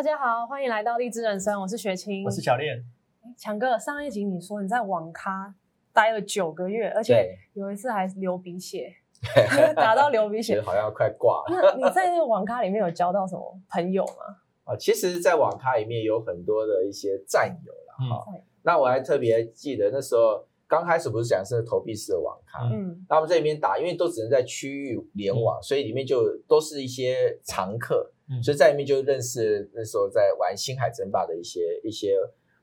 大家好，歡迎來到荔枝人生，我是學青，我是小練。強哥，上一集你說你在網咖待了九個月，而且有一次還流鼻血，對 打到流鼻血，好像快掛了。那你在那個網咖裡面有交到什麼朋友嗎？啊，其實，在網咖裡面有很多的一些戰友了、嗯哦、那我還特別記得那時候剛開始不是講是投幣式的網咖，嗯，那我們這裡面打，因為都只能在區域聯網，嗯、所以裡面就都是一些常客。所以在裡面就認識那時候在玩星海爭霸的一些一些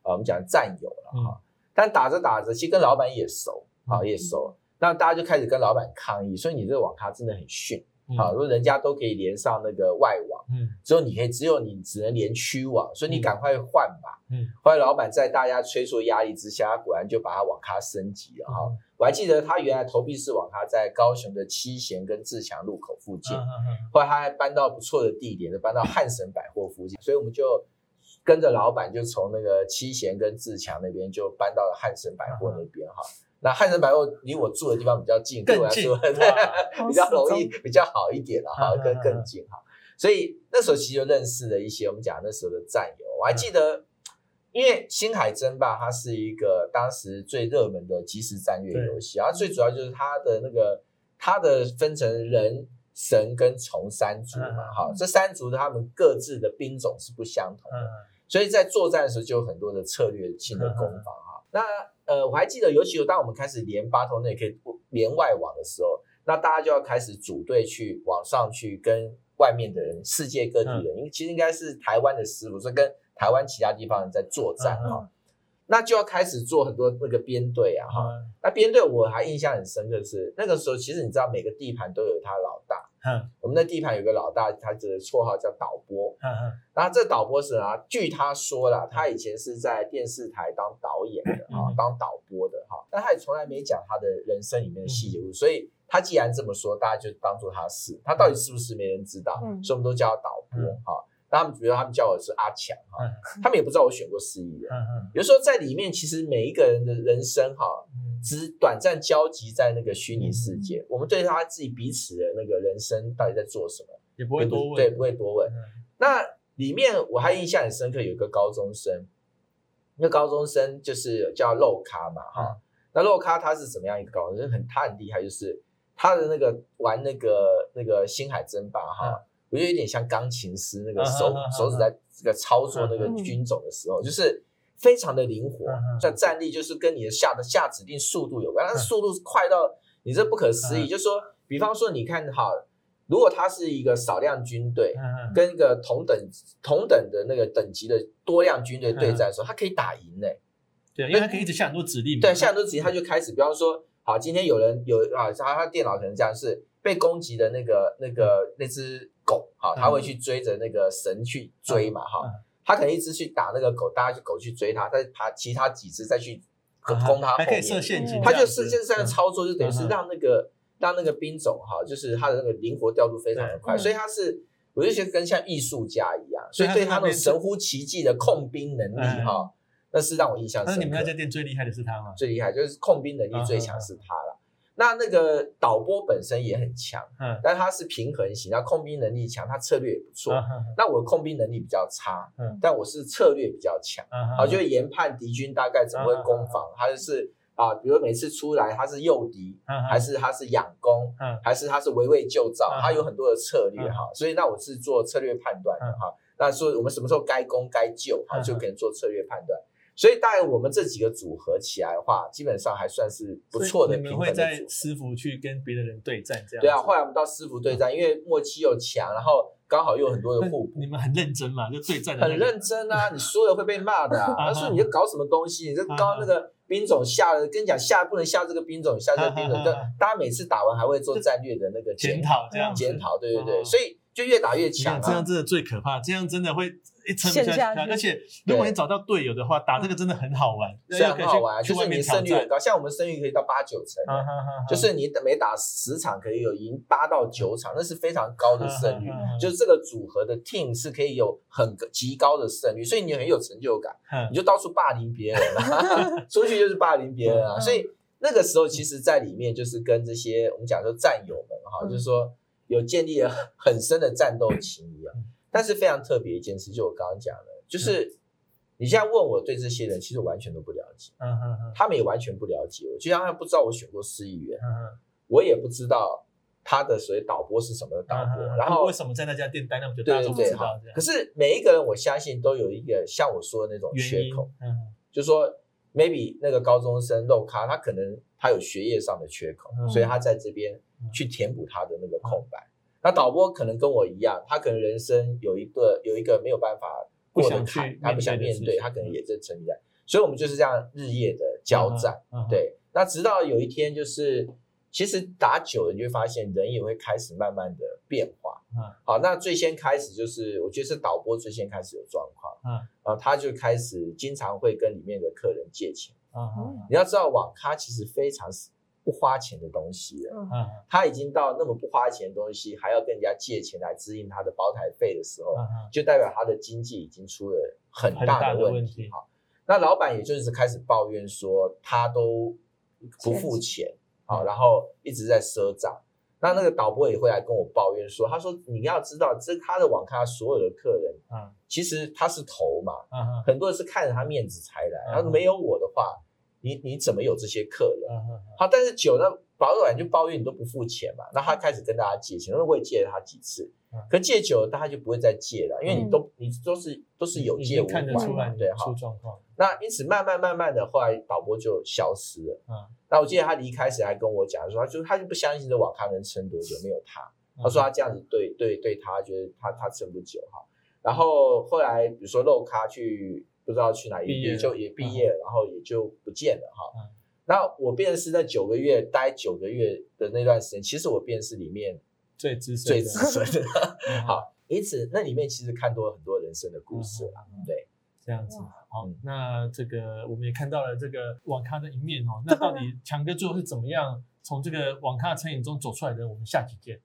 啊，我們講戰友了哈。但打着打着，其實跟老板也熟啊，也熟。那大家就開始跟老板抗議，所以你這個網咖真的很遜啊！如果人家都可以連上那個外網。嗯，只有你可以，只有你只能連區網，所以你趕快換吧。嗯，後來老板在大家催促壓力之下，他果然就把他網咖升級了哈。我還記得他原來投幣式網咖在高雄的七賢跟自強路口附近，後來他還搬到不錯的地點，就搬到漢神百貨附近。所以我們就跟着老板，就從那個七賢跟自強那邊就搬到了漢神百貨那邊哈。那漢神百貨離我住的地方比較近，對，更近，比較容易，比較好一點了哈，更更近哈。所以那時候其實就認識了一些我們講那時候的戰友。我還記得，因為《星海爭霸》它是一個當時最熱門的即時戰略遊戲，然後最主要就是它的那個它的分成人、神跟蟲三族嘛，哈，這三族的他們各自的兵種是不相同的，所以在作戰的時候就有很多的策略性的攻防哈。那呃，我還記得，尤其有當我們開始連 Battle.net 那也可以連外網的時候，那大家就要開始組隊去往上去跟。外面的人，世界各地的人，嗯、因為其實應該是台灣的師傅，是跟台灣其他地方人在作戰啊。嗯嗯。那就要開始做很多那個編隊啊，哈、嗯，那編隊我還印象很深刻的是那個時候，其實你知道每個地盤都有他老大，嗯，我們的地盤有個老大，他這個綽號叫導播，嗯嗯，然、嗯、這個導播是啊，據他說啦，嗯、他以前是在電視台當導演的啊、嗯哦，當導播的哈，但他也從來沒講他的人生裡面的細節，嗯、所以他既然這麼說，大家就當做他是，他到底是不是沒人知道，嗯、所以我們都叫他導播哈。嗯嗯哦那他們比如說，他們叫我是阿強哈，嗯、他們也不知道我選過司儀啊。嗯、比如說在裡面，其實每一個人的人生哈，只短暫交集在那個虛擬世界。嗯、我們對他自己彼此的那個人生到底在做什麼，也不會多問。對，對，不會多問。嗯、那裡面我還印象很深刻，有一個高中生，那個高中生就是叫肉咖嘛哈、嗯啊。那肉咖他是怎麼樣一個高中生？很，他很厲害，就是他的那個玩那個那個星海爭霸哈。啊嗯我覺得有點像鋼琴師那個手手指在在操作那個軍種的時候，就是非常的靈活。在戰力就是跟你的下下指令速度有關，它速度是快到你這不可思議。就是說，比方說你看哈，如果它是一個少量軍隊，跟一個同等同等的那個等級的多量軍隊對戰的時候，它可以打贏呢？對，因為它可以一直下很多指令。對，下很多指令，它就開始，比方說，好，今天有人有啊，他他電腦可能這樣是。被攻擊的那個、那個、那只狗，哈，他會去追着那個神去追嘛，哈，他可能一直去打那個狗，大家就狗去追他，再他其他幾隻再去攻他，可以設陷阱，他就就是這樣操作，就等於是讓那個讓那個兵種哈，就是他的那個靈活調度非常的快，所以他是我就覺得跟像藝術家一樣，所以對他那種神乎其技的控兵能力哈，那是讓我印象深刻。那你們那家店最厲害的是他嗎？最厲害就是控兵能力最強是他啦。那那個導播本身也很強，嗯，但他是平衡型，他控兵能力強，他策略也不錯。那我控兵能力比較差，嗯，但我是策略比較強，好，就研判敵軍大概怎麼會攻防，他就是啊，比如每次出來他是誘敵，還是他是佯攻，還是他是圍魏救趙，他有很多的策略哈。所以那我是做策略判斷的哈，那說我們什麼時候該攻該救，哈，就可以做策略判斷。所以帶我們這幾個組合起來的話，基本上還算是不錯的平衡的。你們會在師傅去跟別的人對戰這樣？對啊，後來我們到師傅對戰，嗯、因為默契又強，然後剛好又有很多的互補。嗯、你們很認真嘛？就對戰的人很認真啊！你輸了會被罵的，啊，他說 你就搞什麼東西？你就剛剛那個兵種下了，跟你講下不能下這個兵種，下這個兵種。就、啊啊啊啊啊、大家每次打完還會做戰略的那個檢討，這，這樣檢討，對對對。啊啊所以。就越打越強，這樣真的最可怕，這樣真的會一層下去。而且如果你找到隊友的話，打這個真的很好玩，對啊，很好玩。就是你勝率很高，像我們勝率可以到八九成，就是你每打十場可以有贏八到九場，那是非常高的勝率。就是這個組合的 team 是可以有很極高的勝率，所以你很有成就感，你就到處霸凌別人了，出去就是霸凌別人啊。所以那個時候，其實在裡面就是跟這些我們講說戰友們哈，就是說。有建立了很深的戰鬥情誼啊，嗯、但是非常特別一件事，就我剛剛講的，就是你現在問我對這些人，其實完全都不了解，嗯嗯嗯，嗯嗯他們也完全不了解我，就像他不知道我選過市議員，嗯嗯，我也不知道他的所謂導播是什麼導播，嗯嗯、然後為什麼在那家店待那麼久，對對對，可是每一個人我相信都有一個像我說的那種缺口，嗯，嗯就說。maybe 那個高中生肉咖，他可能他有學業上的缺口，嗯、所以他在這邊去填補他的那個空白。嗯嗯、那導播可能跟我一樣，他可能人生有一個有一個沒有辦法過得開不想去，他不想面對，他可能也在承擔。嗯、所以我們就是這樣日夜的交戰，嗯、對。嗯、那直到有一天就是。其實打久了，你就會發現人也會開始慢慢的變化。嗯，好，那最先開始就是，我覺得是導播最先開始有狀況。嗯，啊，他就開始經常會跟裡面的客人借錢。啊，你要知道，網咖其實非常是不花錢的東西。他已經到那麼不花錢的東西，還要跟人家借錢來支應他的包台費的時候，就代表他的經濟已經出了很大的問題。好，那老闆也就是開始抱怨說，他都不付錢。好、哦，然後一直在賒賬，那那個導播也會來跟我抱怨說，他說，你要知道，這他的網咖所有的客人，啊、其實他是頭嘛，啊、哈很多人是看着他面子才來，要是、啊、哈沒有我的話，你你怎麼有這些客人？啊、哈哈好，但是久了，保完就抱怨你都不付錢嘛，那他開始跟大家借錢，因為我也借了他幾次，可借久了他就不會再借了，因為你都你都是都是有借無還，嗯、看得出來對哈好。那因此慢慢慢慢的後來導播就消失了。嗯，那我記得他離開時還跟我講說他就，就他就不相信這網咖能撐多久沒有他，嗯、他說他這樣子對對對他覺得、就是、他他撐不久哈。然後後來比如說肉咖去不知道去哪也就也畢業了，嗯、然後也就不見了哈。嗯那我便是，在九個月待九個月的那段時間，其實我便是裡面最資深最資深的，好，因此那裡面其實看多了很多人生的故事啊，嗯嗯對，這樣子，嗯、好，那這個我們也看到了這個網咖的一面哦、喔，那到底強哥最後是怎麼樣從這個網咖的餐飲中走出來的？我們下期見。